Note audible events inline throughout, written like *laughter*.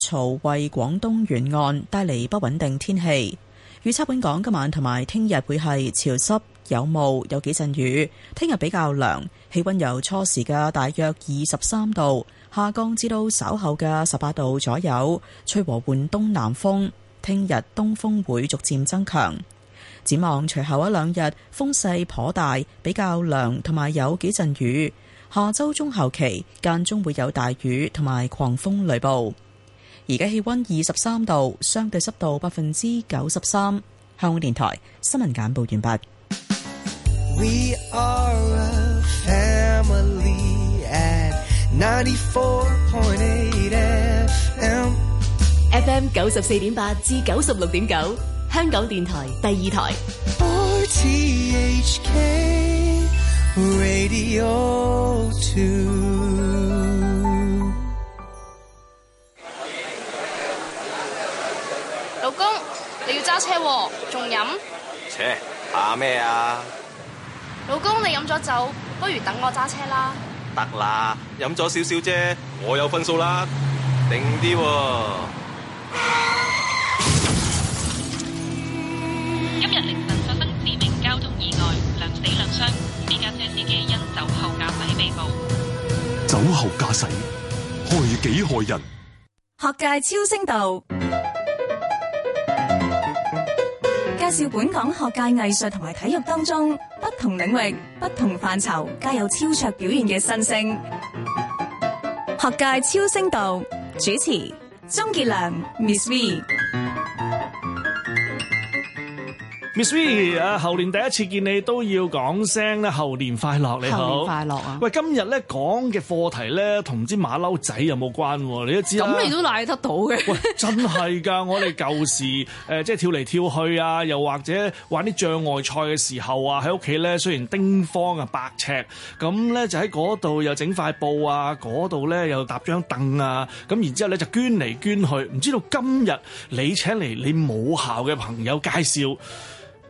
潮為廣東沿岸帶嚟不穩定天氣。預測本港今晚同埋聽日會係潮濕有霧，有幾陣雨。聽日比較涼，氣溫由初時嘅大約二十三度下降至到稍後嘅十八度左右，吹和緩東南風。聽日東風會逐漸增強。展望隨後一兩日風勢頗大，比較涼，同埋有幾陣雨。下周中後期間中會有大雨同埋狂風雷暴。而家氣溫二十三度，相對濕度百分之九十三。香港電台新聞簡報完畢。We are a family at 94.8 FM. FM 九十四點八至九十六點九，9, 香港電台第二台。RTHK Radio 2切， *noise* 怕咩啊？老公，你飲咗酒，不如等我揸車啦。得啦，飲咗少少啫，我有分數啦，定啲，啊。今日凌晨發生致命交通意外，兩死兩傷，呢架車司機因酒後駕駛被捕。酒後駕駛，害己害人。學界超聲道。介紹本港學界、藝術同埋體育當中不同領域、不同範疇皆有超卓表現嘅新星。學界超星度主持：鍾傑良、Miss V。所以啊，猴 With、mm hmm. 年第一次見你都要講聲咧，猴年快樂！你好，猴年快樂啊！喂，今日咧講嘅課題咧，同唔知馬騮仔有冇關？你都知咁、啊，你都賴得到嘅。 *laughs* 喂，真係㗎！我哋舊時誒，即、呃、係跳嚟跳去啊，又或者玩啲障礙賽嘅時候啊，喺屋企咧，雖然丁方啊百尺，咁咧就喺嗰度又整塊布啊，嗰度咧又搭張凳啊，咁然之後咧就捐嚟捐去，唔知道今日你請嚟你母校嘅朋友介紹。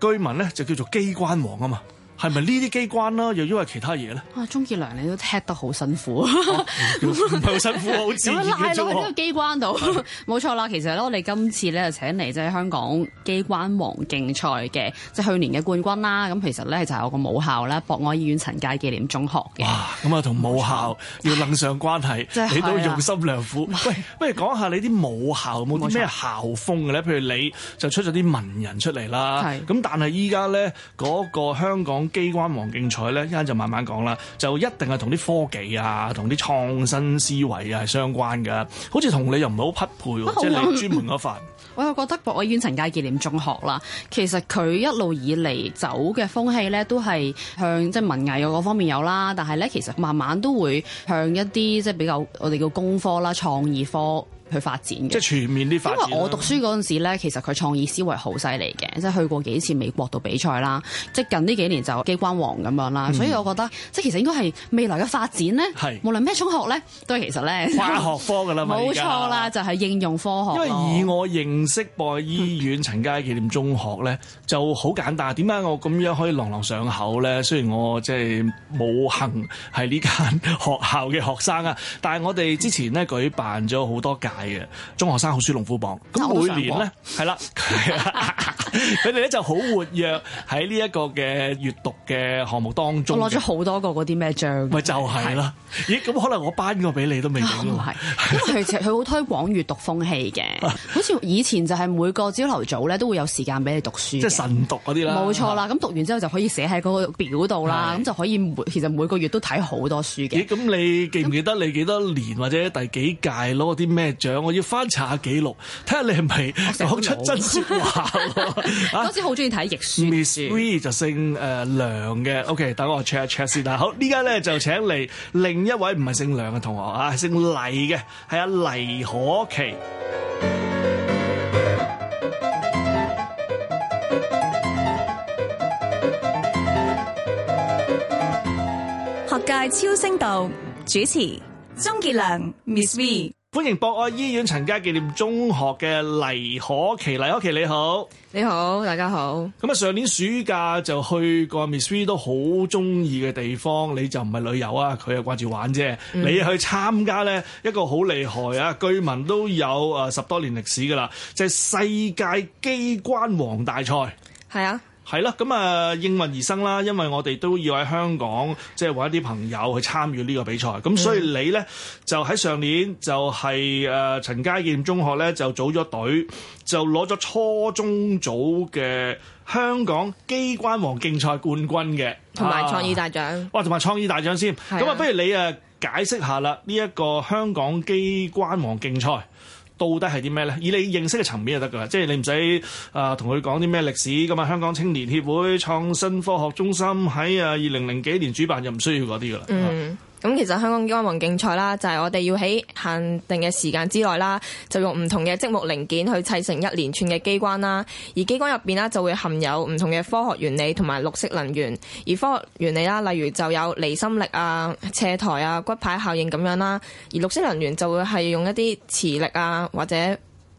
居民咧就叫做機關王啊嘛。係咪呢啲機關啦？又因為其他嘢咧？啊，鍾傑良，你都踢得好辛苦，好辛苦啊！好刺激，拉落呢個機關度，冇錯啦。其實咧，我哋今次咧就請嚟即係香港機關王競賽嘅，即係去年嘅冠軍啦。咁其實咧就係我個母校咧博愛醫院陳楷紀念中學嘅。哇！咁啊，同母校要諓上關係，你都用心良苦。喂，不如講下你啲母校冇咩校風嘅咧？譬如你就出咗啲文人出嚟啦。咁但係依家咧嗰個香港。機關王競賽咧，一陣間就慢慢講啦。就一定係同啲科技啊，同啲創新思維啊係相關㗎。好似同你又唔係好匹配喎，但 即係你是專門嗰份。我又覺得博愛醫院陳楷紀念中學啦，其實佢一路以嚟走嘅風氣咧，都係向即係文藝嘅嗰方面有啦。但係咧，其實慢慢都會向一啲即係比較我哋叫工科啦、創意科。去發展嘅，即係全面啲發展。因為我讀書嗰陣時咧，其實佢創意思維好犀利嘅，即係去過幾次美國度比賽啦。即係近呢幾年就機關王咁樣啦，嗯、所以我覺得即係其實應該係未來嘅發展咧。是無論咩中學咧，都其實咧跨學科㗎啦，冇錯啦，就係、是、應用科學。因為以我認識博愛醫院陳楷紀念中學咧，嗯、就好簡單。點解我咁樣可以朗朗上口咧？雖然我即係冇幸係呢間學校嘅學生啊，但係我哋之前咧舉辦咗好多假。係嘅，中學生好書龍虎榜，咁每年咧，係啦 *laughs* 是的，佢哋咧就好活躍喺呢一個嘅閱讀嘅項目當中，攞咗好多個嗰啲咩章，咪 *laughs* 就係啦。咦、欸？咁可能我班個俾你都未咁，係。因為佢佢好推廣閱讀風氣嘅， *laughs* 好似以前就係每個朝頭早咧都會有時間俾你讀書，即係晨讀嗰啲啦。冇錯啦，咁的讀完之後就可以寫喺嗰個表度啦，咁的就可以其實每個月都睇好多書嘅。咦、欸？咁你記唔記得你幾多年那或者第幾屆攞嗰啲咩獎？我要翻查下記錄，睇下你係咪講出真説話？嗰陣時好中意睇譯書。 *music* Miss V、e、就姓誒、呃、梁嘅，OK，等我 check 一 check 先啦。好，呢家咧就請嚟另一位唔係姓梁嘅同學啊，姓黎嘅，係阿、啊、黎可淇。 *music* 學界超聲道主持鍾傑良，Miss V、e.。歡迎博愛醫院陳楷紀念中學嘅黎可淇，黎可淇你好，你好，大家好。咁啊，上年暑假就去過 Miss V 都好中意嘅地方，你就唔係旅遊啊，佢又掛住玩啫。嗯、你去參加咧一個好厲害啊，據聞都有誒十多年歷史噶啦，就係、是、世界機關王大賽。係啊。係咯，咁啊應運而生啦，因為我哋都要喺香港即係揾一啲朋友去參與呢個比賽，咁、嗯、所以你呢，就喺上年就係、是、誒、呃、陳楷紀念中學呢，就組咗隊，就攞咗初中組嘅香港機關王競賽冠軍嘅，同埋創意大獎。啊、哇，同埋創意大獎先，咁啊的不如你啊解釋下啦，呢一個香港機關王競賽。到底係啲咩呢？以你認識嘅層面就得噶啦，即係你唔使啊同佢講啲咩歷史咁啊，香港青年協會創新科學中心喺啊二零零幾年主辦，就唔需要嗰啲噶啦。嗯咁其實香港機關王競賽啦，就係我哋要喺限定嘅時間之內啦，就用唔同嘅積木零件去砌成一連串嘅機關啦。而機關入邊啦，就會含有唔同嘅科學原理同埋綠色能源。而科學原理啦，例如就有離心力啊、斜台啊、骨牌效應咁樣啦。而綠色能源就會係用一啲磁力啊，或者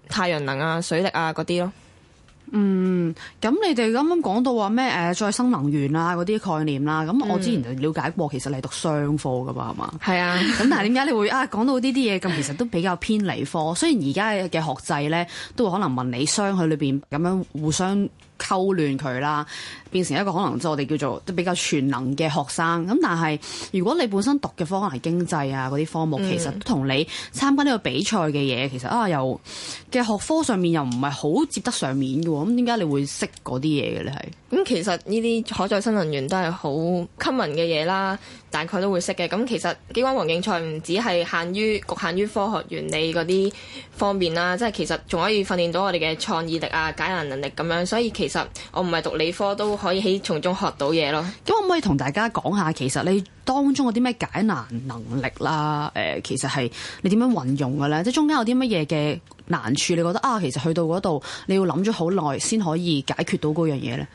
太陽能啊、水力啊嗰啲咯。嗯，咁你哋啱啱講到話咩？誒、呃，再生能源啊嗰啲概念啦，啊，咁我之前就了解過，嗯、其實你係讀商科噶嘛，係嘛，嗯？係吧啊，咁但係點解你會啊講到呢啲嘢咁？其實都比較偏理科，雖然而家嘅學制咧都可能文理商佢裏邊咁樣互相。扣亂佢啦，變成一個可能即係我哋叫做即比較全能嘅學生。咁但係如果你本身讀嘅科係經濟啊嗰啲科目，嗯、其實同你參加呢個比賽嘅嘢，其實啊又嘅學科上面又唔係好接得上面嘅。咁點解你會識嗰啲嘢嘅咧？係咁、嗯，其實呢啲可再生能源都係好 common 嘅嘢啦。大概都會識嘅，咁其實機關王競賽唔止係限於局限於科學原理嗰啲方面啦，即係其實仲可以訓練到我哋嘅創意力啊、解難能力咁樣，所以其實我唔係讀理科都可以從中學到嘢咯。咁可唔可以同大家講下，其實你當中有啲咩解難能力啦，誒、呃，其實係你點樣運用嘅咧？即係中間有啲乜嘢嘅難處，你覺得啊，其實去到嗰度你要諗咗好耐先可以解決到嗰樣嘢咧？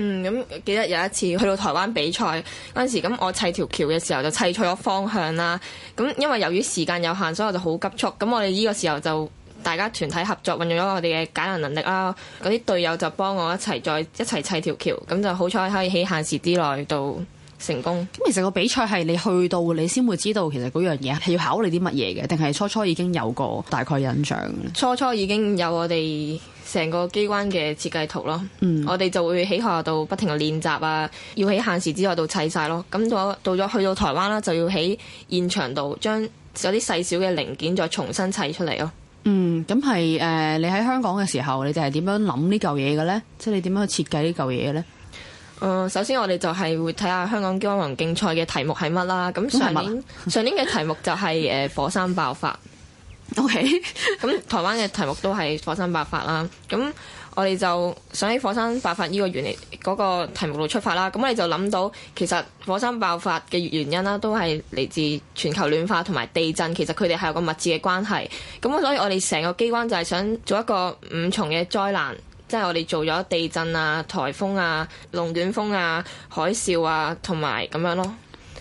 嗯，咁記得有一次去到台灣比賽嗰陣時，咁我砌條橋嘅時候就砌錯咗方向啦。咁因為由於時間有限，所以我就好急促。咁我哋呢個時候就大家團體合作，運用咗我哋嘅解難能力啦。嗰啲隊友就幫我一齊再一齊砌條橋，咁就好彩可以喺限時之內到成功。咁其實個比賽係你去到你先會知道，其實嗰樣嘢係要考慮啲乜嘢嘅，定係初初已經有個大概印象？初初已經有我哋成個機關嘅設計圖咯，嗯、我哋就會喺學校度不停嘅練習啊，要喺限時之外度砌晒咯。咁到到咗去到台灣啦，就要喺現場度將有啲細小嘅零件再重新砌出嚟咯。嗯，咁係誒，你喺香港嘅時候，你哋係點樣諗呢嚿嘢嘅呢？即、就、係、是、你點樣去設計呢嚿嘢咧？誒、呃，首先我哋就係會睇下香港機關王競賽嘅題目係乜啦。咁上年上年嘅題目就係誒火山爆發。 *laughs* O.K. 咁 *laughs* 台灣嘅題目都係火山爆發啦。咁我哋就想喺火山爆發呢個原理嗰個題目度出發啦。咁我哋就諗到其實火山爆發嘅原因啦，都係嚟自全球暖化同埋地震。其實佢哋係有個密切嘅關係。咁所以我哋成個機關就係想做一個五重嘅災難，即係我哋做咗地震啊、颱風啊、龍捲風啊、海嘯啊同埋咁樣咯。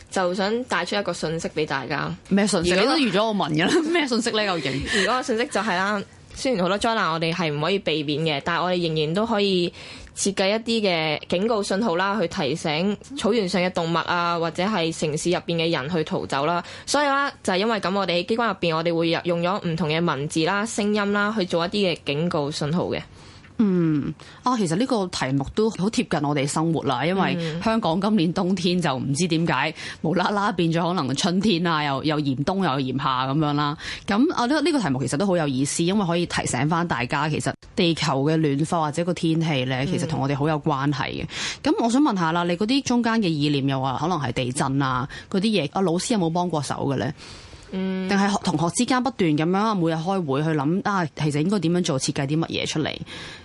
就想帶出一個訊息俾大家。咩訊息？而家都預咗我問嘅啦，咩訊息呢？究竟？如果個訊息就係啦，雖然好多災難，我哋係唔可以避免嘅，但係我哋仍然都可以設計一啲嘅警告信號啦，去提醒草原上嘅動物啊，或者係城市入邊嘅人去逃走啦。所以啦，就係因為咁，我哋喺機關入邊，我哋會用咗唔同嘅文字啦、聲音啦，去做一啲嘅警告信號嘅。嗯啊，其實呢個題目都好貼近我哋生活啦，因為香港今年冬天就唔知點解、嗯、無啦啦變咗可能春天啊，又又嚴冬又嚴夏咁、啊、樣啦、啊。咁啊，呢個呢個題目其實都好有意思，因為可以提醒翻大家，其實地球嘅暖化或者個天氣呢，其實同我哋好有關係嘅。咁、嗯、我想問下啦，你嗰啲中間嘅意念又話可能係地震啊嗰啲嘢，啊，老師有冇幫過手嘅呢？嗯，定係同學之間不斷咁樣每日開會去諗啊，其實應該點樣做，設計啲乜嘢出嚟？誒、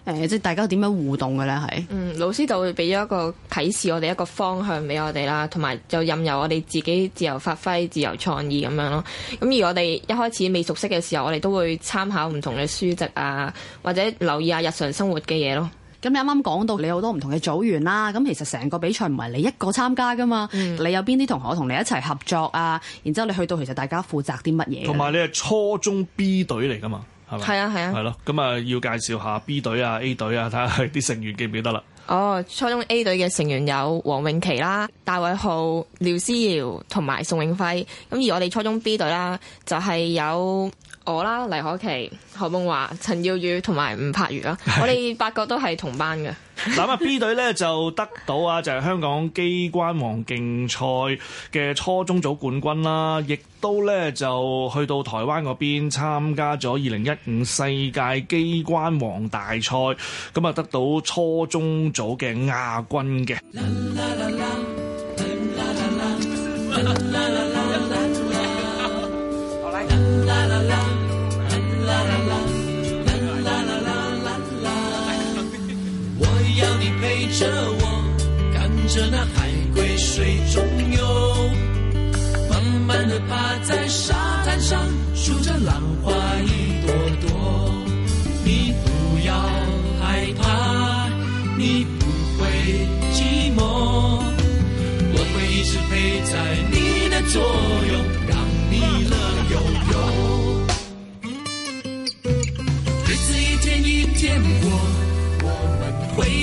呃，即係大家點樣互動嘅咧？係、嗯，老師就會俾咗一個啟示我，我哋一個方向俾我哋啦，同埋就任由我哋自己自由發揮、自由創意咁樣咯。咁而我哋一開始未熟悉嘅時候，我哋都會參考唔同嘅書籍啊，或者留意下日常生活嘅嘢咯。咁你啱啱講到你有好多唔同嘅組員啦，咁其實成個比賽唔係你一個參加噶嘛，嗯、你有邊啲同學同你一齊合作啊？然之後你去到其實大家負責啲乜嘢？同埋你係初中 B 隊嚟噶嘛？係咪？係啊係啊，係咯、啊，咁啊要介紹下 B 隊啊 A 隊啊，睇下啲成員記唔記得啦？哦，初中 A 隊嘅成員有黃永琪啦、戴偉浩、廖思瑤同埋宋永輝，咁而我哋初中 B 隊啦就係有。我啦，黎可淇、何夢華、陳耀宇同埋吳柏如啦， *laughs* 我哋八個都係同班嘅。咁啊，B 隊咧就得到啊，就係香港機關王競賽嘅初中組冠軍啦，亦都咧就去到台灣嗰邊參加咗二零一五世界機關王大賽，咁啊得到初中組嘅亞軍嘅。 *music* *music* 着我，看着那海龜水中游，慢慢的爬在沙灘上數着浪花一朵朵。你不要害怕，你不會寂寞，我會一直陪在你的左右，讓你樂悠悠。 *laughs* 日子一天一天過。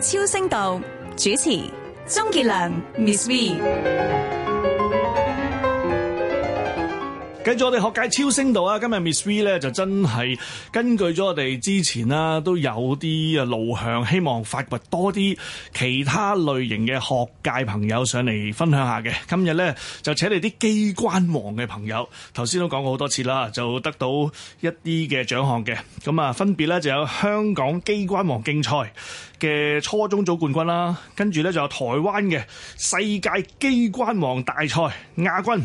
超聲道主持鍾傑良 Miss V，跟住我哋學界超聲道啊。今日 Miss V 咧，就真係根據咗我哋之前啦，都有啲啊路向，希望發掘多啲其他類型嘅學界朋友上嚟分享下嘅。今日咧就請嚟啲機關王嘅朋友。頭先都講過好多次啦，就得到一啲嘅獎項嘅咁啊。分別咧就有香港機關王競賽。嘅初中組冠軍啦，跟住咧就有台灣嘅世界機關王大賽亞軍。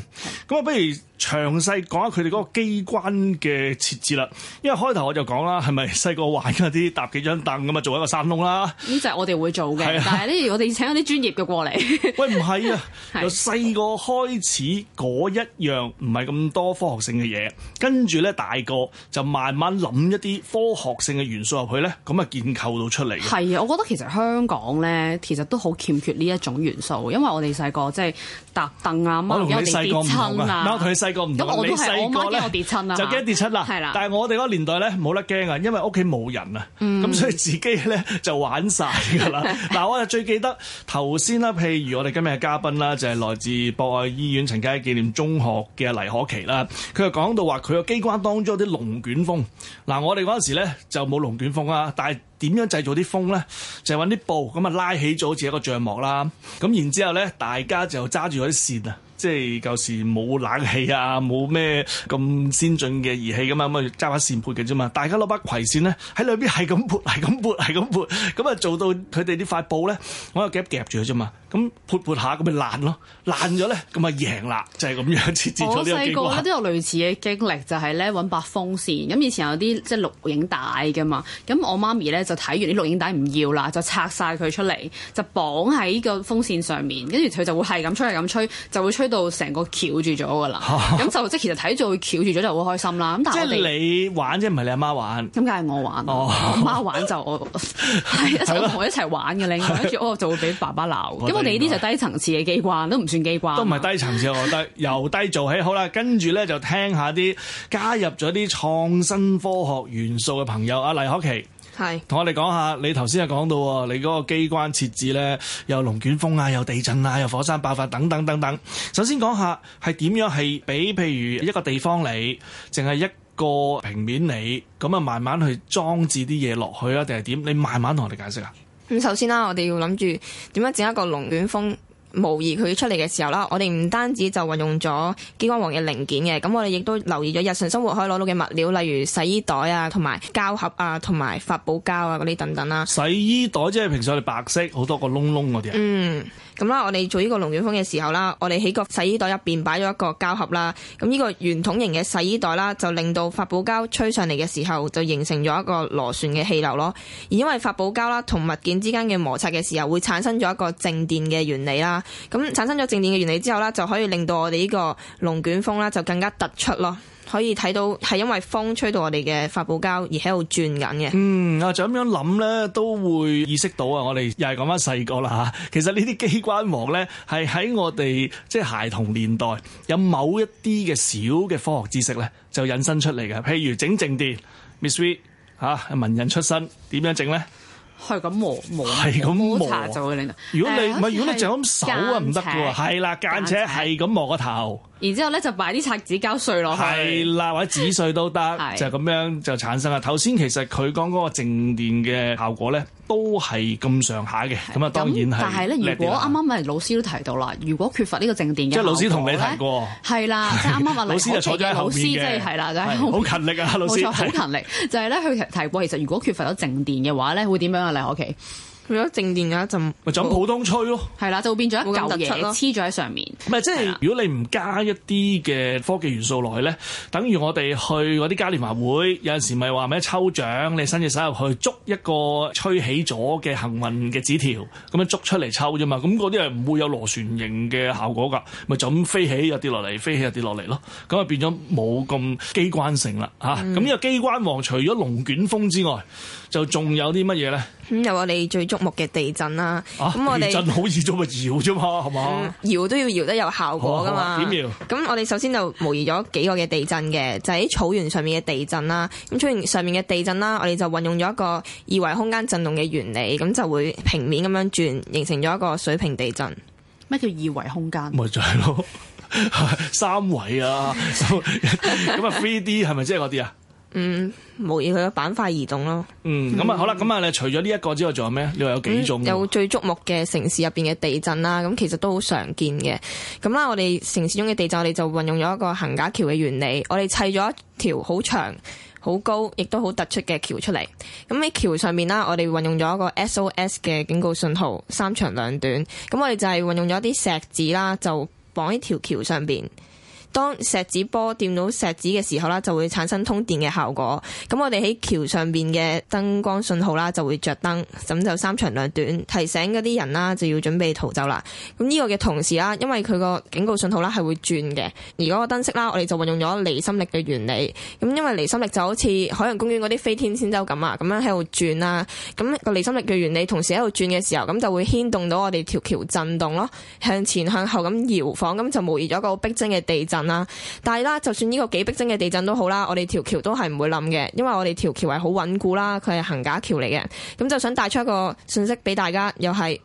咁啊，不如詳細講下佢哋嗰個機關嘅設置啦。因為開頭我就講啦，係咪細個玩嗰啲搭幾張凳咁啊，做一個山窿啦？呢就係我哋會做嘅，啊、但係咧，我哋請咗啲專業嘅過嚟。 *laughs* 喂，唔係啊，由細個開始嗰一樣唔係咁多科學性嘅嘢，跟住咧大個就慢慢諗一啲科學性嘅元素入去咧，咁啊建構到出嚟。係啊。 *laughs* 我覺得其實香港咧，其實都好欠缺呢一種元素，因為我哋細個即係搭凳啊、掹我哋跌親啊，嗱我同你細個唔，咁我都係我媽驚我跌親啦，就驚跌親啦，係啦。但係我哋嗰個年代咧冇得驚啊，因為屋企冇人啊，咁所以自己咧就玩晒㗎啦。嗱，我就最記得頭先啦，譬如我哋今日嘅嘉賓啦，就係來自博愛醫院陳楷紀念中學嘅黎可淇啦，佢就講到話佢個機關當中啲龍捲風嗱，我哋嗰陣時咧就冇龍捲風啊，但係點樣製造啲風咧？就係揾啲布咁啊，就拉起咗好似一個帳幕啦。咁然之後咧，大家就揸住嗰啲扇啊，即係舊時冇冷氣啊，冇咩咁先進嘅儀器噶嘛，咁啊揸把扇撥嘅啫嘛。大家攞把葵扇咧，喺裏邊係咁撥，係咁撥，係咁撥，咁啊做到佢哋啲塊布咧，我有夾夾住嘅啫嘛。咁潑潑下，咁咪爛咯，爛咗咧，咁咪贏啦，就係咁樣設置咗呢個機關。我細個咧都有類似嘅經歷，就係咧揾把風扇，咁以前有啲即係錄影帶噶嘛，咁我媽咪咧就睇完啲錄影帶唔要啦，就拆晒佢出嚟，就綁喺個風扇上面，跟住佢就會係咁吹，係咁吹，就會吹到成個翹住咗噶啦。咁就即係其實睇住會翹住咗就好開心啦。咁但係你玩啫，唔係你阿媽玩。咁梗係我玩， *laughs* 我媽玩就我係一齊同我一齊玩嘅咧，吧 *laughs* *laughs* 跟住我，我就會俾爸爸鬧， *laughs* *laughs* *laughs* *laughs* *laughs* 你啲就低層次嘅機關都唔算機關，都唔係低層次。我覺得由低做起 *laughs* 好啦，跟住呢，就聽一下聽下啲加入咗啲創新科學元素嘅朋友。啊。黎可淇，係同我哋講下你頭先又講到你嗰個機關設置呢，有龍捲風啊，有地震啊，有火山爆發等等等等。首先講下係點樣係俾譬如一個地方嚟，淨係一個平面嚟，咁啊慢慢去裝置啲嘢落去啊，定係點？你慢慢同我哋解釋啊。咁首先啦，我哋要諗住點樣整一個龍捲風模擬佢出嚟嘅時候啦。我哋唔單止就運用咗機關王嘅零件嘅，咁我哋亦都留意咗日常生活可以攞到嘅物料，例如洗衣袋啊，同埋膠盒啊，同埋發泡膠啊嗰啲等等啦。洗衣袋即係平常係白色，好多個窿窿嗰啲啊。嗯咁啦，我哋做呢個龍捲風嘅時候啦，我哋喺個洗衣袋入邊擺咗一個膠盒啦。咁、這、呢個圓筒形嘅洗衣袋啦，就令到發泡膠吹上嚟嘅時候，就形成咗一個螺旋嘅氣流咯。而因為發泡膠啦同物件之間嘅摩擦嘅時候，會產生咗一個靜電嘅原理啦。咁產生咗靜電嘅原理之後啦，就可以令到我哋呢個龍捲風啦，就更加突出咯。可以睇到係因為風吹到我哋嘅發泡膠而喺度轉緊嘅。嗯，啊，就咁樣諗咧，都會意識到啊，我哋又係講翻細個啦嚇。其實呢啲機關王咧，係喺我哋即係孩童年代有某一啲嘅小嘅科學知識咧，就引申出嚟嘅。譬如整靜電，Ms V 嚇，文人出身，點樣整咧？係咁磨磨，咁磨，摩擦咗佢令到。如果你唔係，如果你就咁手啊，唔得嘅喎。係啦，間尺係咁磨個頭。然之後咧，就擺啲擦紙膠碎落。係啦，或者紙碎都得，就咁樣就產生啦。頭先其實佢講嗰個靜電嘅效果咧。都係咁上下嘅，咁啊，的當然係。但係咧，如果啱啱咪老師都提到啦，如果缺乏呢個靜電嘅，即係老師同你提過，係啦了，的即係啱啱話黎可淇，老師就坐咗喺後面嘅，係啦，好的勤力啊，老師，好勤力，的就係咧，佢提過其實如果缺乏咗靜電嘅話咧，會點樣啊，黎可淇？如果靜電嘅一陣，咪就咁普通吹咯，係啦，就變咗一嚿嘢咯，黐咗喺上面。唔係是，即係了如果你唔加一啲嘅科技元素落去咧，等於我哋去嗰啲嘉年華會，有陣時咪話咩抽獎，你伸隻手入去捉一個吹起咗嘅幸運嘅紙條，咁樣捉出嚟抽啫嘛。咁嗰啲係唔會有螺旋形嘅效果噶，咪就咁飛起又跌落嚟，飛起又跌落嚟咯。咁啊變咗冇咁機關性啦吓。咁呢、嗯、個機關王除咗龍捲風之外，就仲有啲乜嘢咧？又、嗯、我哋最矚目嘅地震啦，咁、啊、我哋地震好易做咪搖啫嘛，係嘛？搖、嗯、都要搖得有效果噶嘛。點搖、啊？咁、啊、我哋首先就模擬咗幾個嘅地震嘅，就喺、是、草原上面嘅地震啦。咁草原上面嘅地震啦，我哋就運用咗一個二維空間震動嘅原理，咁就會平面咁樣轉，形成咗一個水平地震。咩叫二維空間？咪就係咯，三維圍啊，咁啊 three D 係咪即係嗰啲啊？嗯，模擬佢嘅板塊移動咯。嗯，咁啊，好啦，咁啊，除咗呢一個之外，仲有咩？你話有幾種、嗯？有最觸目嘅城市入邊嘅地震啦，咁其實都好常見嘅。咁啦，我哋城市中嘅地震，我哋就運用咗一個桁架橋嘅原理，我哋砌咗一條好長、好高，亦都好突出嘅橋出嚟。咁喺橋上面啦，我哋運用咗一個 SOS 嘅警告信號，三長兩短。咁我哋就係運用咗一啲石子啦，就綁喺條橋上邊。當石子波掂到石子嘅時候啦，就會產生通電嘅效果。咁我哋喺橋上邊嘅燈光信號啦，就會着燈，咁就三長兩短提醒嗰啲人啦，就要準備逃走啦。咁、這、呢個嘅同時啦，因為佢個警告信號啦係會轉嘅，而嗰個燈飾啦，我哋就運用咗離心力嘅原理。咁因為離心力就好似海洋公園嗰啲飛天仙舟咁啊，咁樣喺度轉啦。咁、那個離心力嘅原理同時喺度轉嘅時候，咁就會牽動到我哋條橋震動咯，向前向後咁搖晃，咁就模擬咗一個好逼真嘅地震。啦，但係啦，就算呢個幾逼真嘅地震都好啦，我哋條橋都係唔會冧嘅，因為我哋條橋係好穩固啦，佢係桁架橋嚟嘅。咁就想帶出一個信息俾大家，又係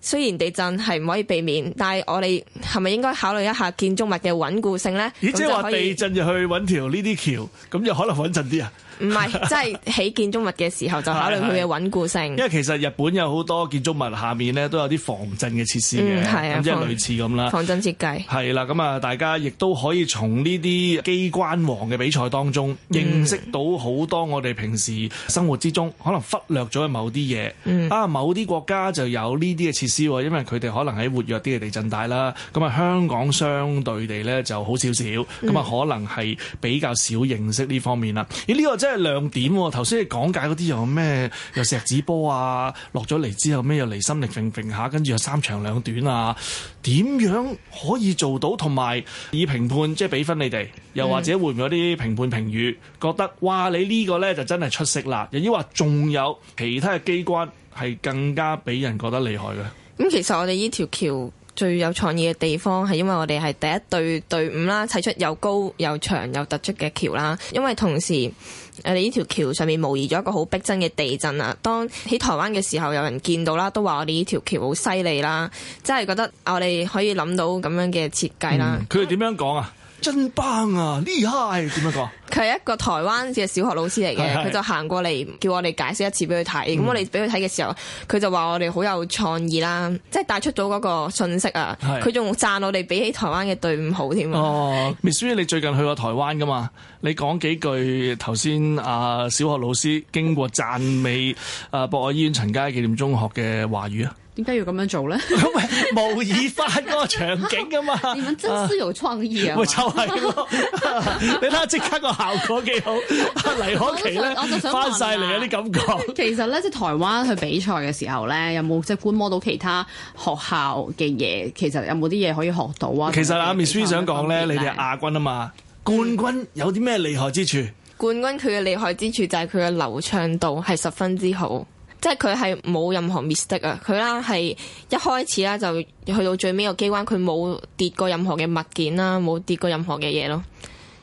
雖然地震係唔可以避免，但係我哋係咪應該考慮一下建築物嘅穩固性呢？即係話地震就去揾條呢啲橋，咁就可能穩陣啲啊！唔係， *laughs* 即係起建築物嘅時候就考慮佢嘅穩固性。因為其實日本有好多建築物下面咧都有啲防震嘅設施嘅，係、嗯、啊，即係類似咁啦。防震設計，係啦，咁啊，大家亦都可以從呢啲機關王嘅比賽當中、嗯、認識到好多我哋平時生活之中可能忽略咗嘅某啲嘢。嗯、啊，某啲國家就有呢啲嘅設施，因為佢哋可能喺活躍啲嘅地震帶啦。咁啊，香港相對地咧就好少少，咁啊、嗯，可能係比較少認識呢方面啦。而、啊、呢、這個真～即係亮點喎，頭先你講解嗰啲又咩又石子波啊，落咗嚟之後咩又離心力揈揈下，跟住又三長兩短啊，點樣可以做到？同埋以評判即係俾分，你哋又或者會唔會有啲評判評語？覺得哇，你呢個呢就真係出色啦！又要話仲有其他嘅機關係更加俾人覺得厲害嘅。咁其實我哋呢條橋。最有創意嘅地方係因為我哋係第一隊隊伍啦，砌出又高又長又突出嘅橋啦。因為同時，我哋呢條橋上面模擬咗一個好逼真嘅地震啊。當喺台灣嘅時候有人見到啦，都話我哋呢條橋好犀利啦，真係覺得我哋可以諗到咁樣嘅設計啦。佢哋點樣講啊？真棒啊！呢下係點樣講？佢係一個台灣嘅小學老師嚟嘅，佢是是 就行過嚟叫我哋解釋一次俾佢睇。咁是是 我哋俾佢睇嘅時候，佢就話我哋好有創意啦，即係帶出咗嗰個信息啊。佢仲是 讚我哋比起台灣嘅隊伍好添啊！Miss 你最近去過台灣噶嘛？你講幾句頭先啊，小學老師經過讚美啊、呃，博愛醫院陳嘉紀念中學嘅話語啊！點解要咁樣做咧？因為 *laughs* 模擬翻嗰個場景啊嘛！點樣 *laughs* 真思有創意啊？咪就係咯，你睇下即刻個效果幾好， *laughs* 黎可淇咧，我就想翻晒嚟，有啲感覺。 *laughs* 其實咧，即係台灣去比賽嘅時候咧，有冇即係觀摩到其他學校嘅嘢？其實有冇啲嘢可以學到實啊？其實阿 m i s *laughs* s 想講咧，你哋係亞軍啊嘛，冠軍有啲咩厲害之處？嗯、冠軍佢嘅厲害之處就係佢嘅流暢度係十分之好。即係佢係冇任何 mistake 啊！佢啦係一開始啦就去到最尾個機關，佢冇跌過任何嘅物件啦，冇跌過任何嘅嘢咯。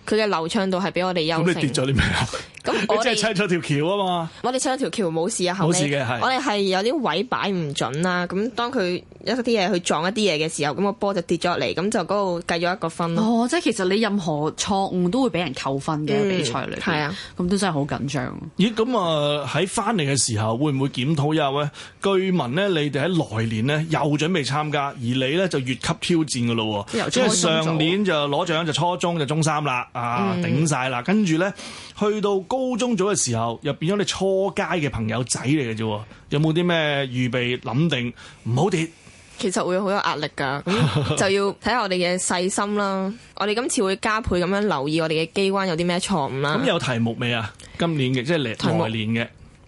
佢嘅流暢度係比我哋優勝。咁你跌咗啲咩啊？ *laughs* 咁我即係砌咗條橋啊嘛！我哋砌咗條橋冇事啊，後尾我哋係有啲位擺唔準啦、啊。咁當佢一啲嘢去撞一啲嘢嘅時候，咁個波就跌咗落嚟，咁就嗰度計咗一個分咯、啊哦。即係其實你任何錯誤都會俾人扣分嘅、嗯、比賽裏邊係、嗯、啊，咁都真係好緊張。咦，咁啊喺翻嚟嘅時候會唔會檢討一下咧？據聞咧，你哋喺來年咧又準備參加，而你咧就越級挑戰噶啦。即係上年就攞獎就初中就中三啦，啊頂晒啦，跟住咧。嗯去到高中組嘅時候，又變咗你初階嘅朋友仔嚟嘅啫，有冇啲咩預備諗定唔好跌？其實會好有壓力噶，就要睇下我哋嘅細心啦。 *laughs* 我哋今次會加倍咁樣留意我哋嘅機關有啲咩錯誤啦。咁有題目未啊？今年嘅即係同埋年嘅。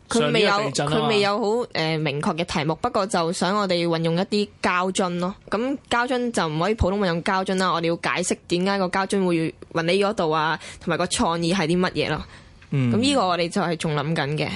佢未有佢未有好誒、呃、明確嘅題目，不過就想我哋運用一啲膠樽咯。咁膠樽就唔可以普通運用膠樽啦，我哋要解釋點解個膠樽會運你嗰度啊，同埋個創意係啲乜嘢咯。嗯，咁呢個我哋就係仲諗緊嘅。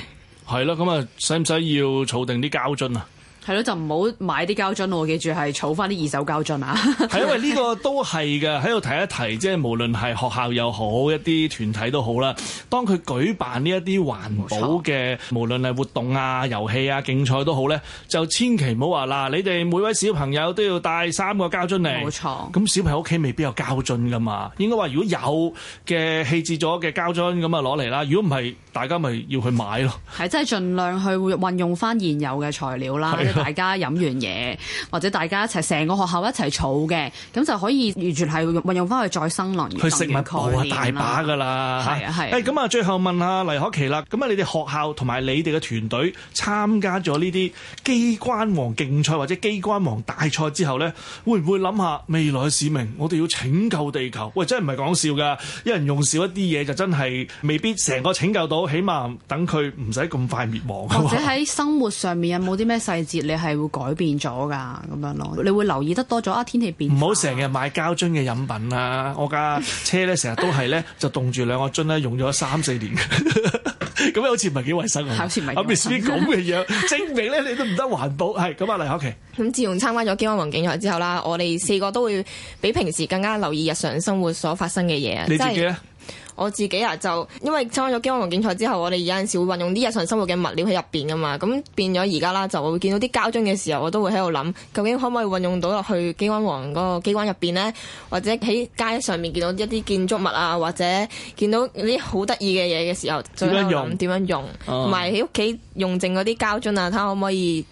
係啦，咁啊，使唔使要儲定啲膠樽啊？係咯，就唔好買啲膠樽，我記住係儲翻啲二手膠樽啊！係 *laughs* 因為呢個都係嘅，喺度提一提，即係無論係學校又好，一啲團體都好啦。當佢舉辦呢一啲環保嘅，錯無論係活動啊、遊戲啊、競賽都好咧，就千祈唔好話嗱，你哋每位小朋友都要帶三個膠樽嚟。冇錯。咁小朋友屋企未必有膠樽噶嘛？應該話如果有嘅棄置咗嘅膠樽咁啊攞嚟啦。如果唔係，大家咪要去買咯。係，即係盡量去運用翻現有嘅材料啦。的 *laughs* *laughs* 大家飲完嘢，或者大家一齊成個學校一齊儲嘅，咁就可以完全係運用翻去再生能源食物大把㗎啦。係 *laughs* 啊係。誒咁啊、哎，最後問下黎可淇啦。咁啊，你哋學校同埋你哋嘅團隊參加咗呢啲機關王競賽或者機關王大賽之後咧，會唔會諗下未來嘅使命？我哋要拯救地球。喂，真係唔係講笑㗎！一人用少一啲嘢就真係未必成個拯救到，起碼等佢唔使咁快滅亡。或者喺生活上面有冇啲咩細節？ *laughs* 你係會改變咗噶咁樣咯，你會留意得多咗啊，天氣變唔好，成日買膠樽嘅飲品啊。我架車咧成日都係咧就凍住兩個樽咧用咗三四年，咁 *laughs* 好似唔係幾衞生啊！ *laughs* 我咪試啲咁嘅樣， *laughs* 證明咧你都唔得環保。係咁啊，黎可淇。咁、okay、自從參加咗《機關王競賽》之後啦，我哋四個都會比平時更加留意日常生活所發生嘅嘢。你自己咧？我自己啊，就因為參加咗機關王競賽之後，我哋有陣時會運用啲日常生活嘅物料喺入邊噶嘛，咁變咗而家啦，就會見到啲膠樽嘅時候，我都會喺度諗，究竟可唔可以運用到落去機關王嗰個機關入邊咧？或者喺街上面見到一啲建築物啊，或者見到啲好得意嘅嘢嘅時候，再諗點樣用，同埋喺屋企用剩嗰啲膠樽啊，睇下可唔可以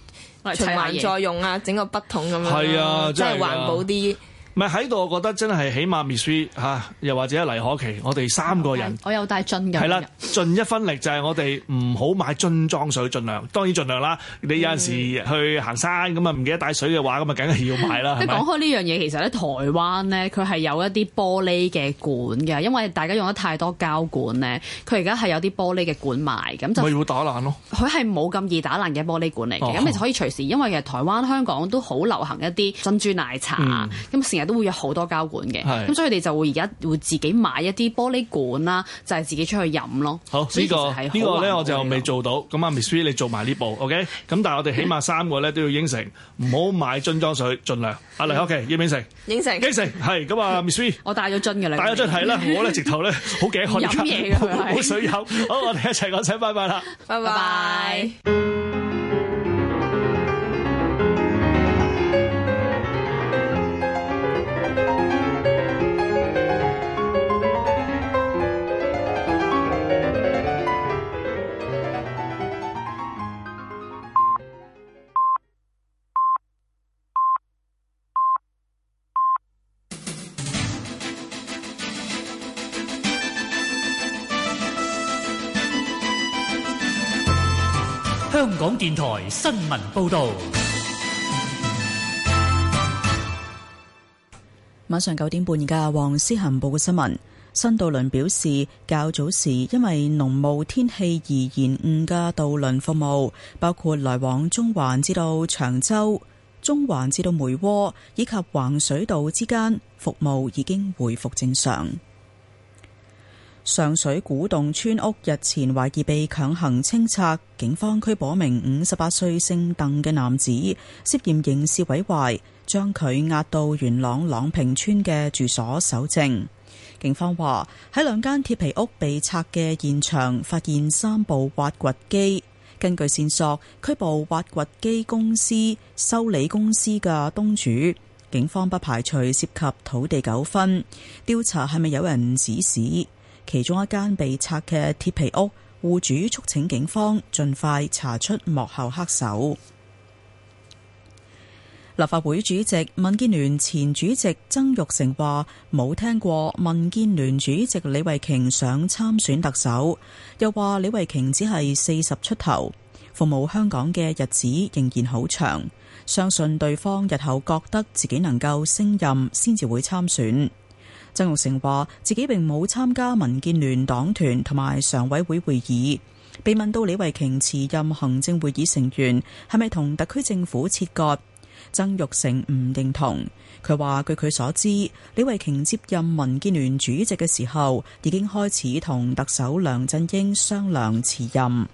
循環再用啊？整個筆筒咁樣，啊，即係、啊、環保啲。咪喺度，我覺得真係起碼 Ms V、啊、又或者黎可淇，我哋三個人，我有帶樽㗎，係啦的， *laughs* 盡一分力就係我哋唔好買樽裝水，盡量當然盡量啦。嗯、你有陣時去行山咁啊，唔記得帶水嘅話，咁啊，梗係要買啦。即係講開呢樣嘢，其實咧，台灣咧，佢係有一啲玻璃嘅管嘅，因為大家用得太多膠管咧，佢而家係有啲玻璃嘅管埋咁就咪打爛咯。佢係冇咁易打爛嘅玻璃管嚟嘅，咁、哦、你可以隨時。因為其實台灣、香港都好流行一啲珍珠奶茶，咁、嗯嗯都會有好多膠管嘅，咁所以佢哋就會而家會自己買一啲玻璃管啦，就係自己出去飲咯。好，呢個呢個呢我就未做到，咁啊 Miss V 你做埋呢步，OK？咁但係我哋起碼三個咧都要應承，唔好買樽裝水，盡量。啊，嚟 OK，應唔應承？應承。應承係，咁啊 Miss V。我帶咗樽嘅啦，帶咗樽係啦，我咧直頭咧好頸渴飲嘢嘅，冇水口。好，我哋一齊講聲拜拜啦，拜拜。電台新聞報道，晚上九點半嘅黃思嫻報嘅新聞。新渡輪表示，較早時因為濃霧天氣而延誤嘅渡輪服務，包括來往中環至到長洲、中環至到梅窩以及橫水道之間服務，已經回復正常。上水古洞村屋日前懷疑被強行清拆，警方拘捕名五十八歲姓鄧嘅男子，涉嫌刑事毀壞，將佢押到元朗朗平村嘅住所搜證。警方話喺兩間鐵皮屋被拆嘅現場發現三部挖掘機，根據線索拘捕挖掘機公司、修理公司嘅東主。警方不排除涉及土地糾紛，調查係咪有人指使？其中一間被拆嘅鐵皮屋，戶主促請警方盡快查出幕後黑手。立法會主席、民建聯前主席曾鈺成話：冇聽過民建聯主席李慧瓊想參選特首，又話李慧瓊只係四十出頭，服務香港嘅日子仍然好長，相信對方日後覺得自己能夠升任，先至會參選。曾玉成話：自己並冇參加民建聯黨團同埋常委會會議。被問到李慧瓊辭任行政會議成員係咪同特區政府切割，曾玉成唔認同。佢話：據佢所知，李慧瓊接任民建聯主席嘅時候，已經開始同特首梁振英商量辭任。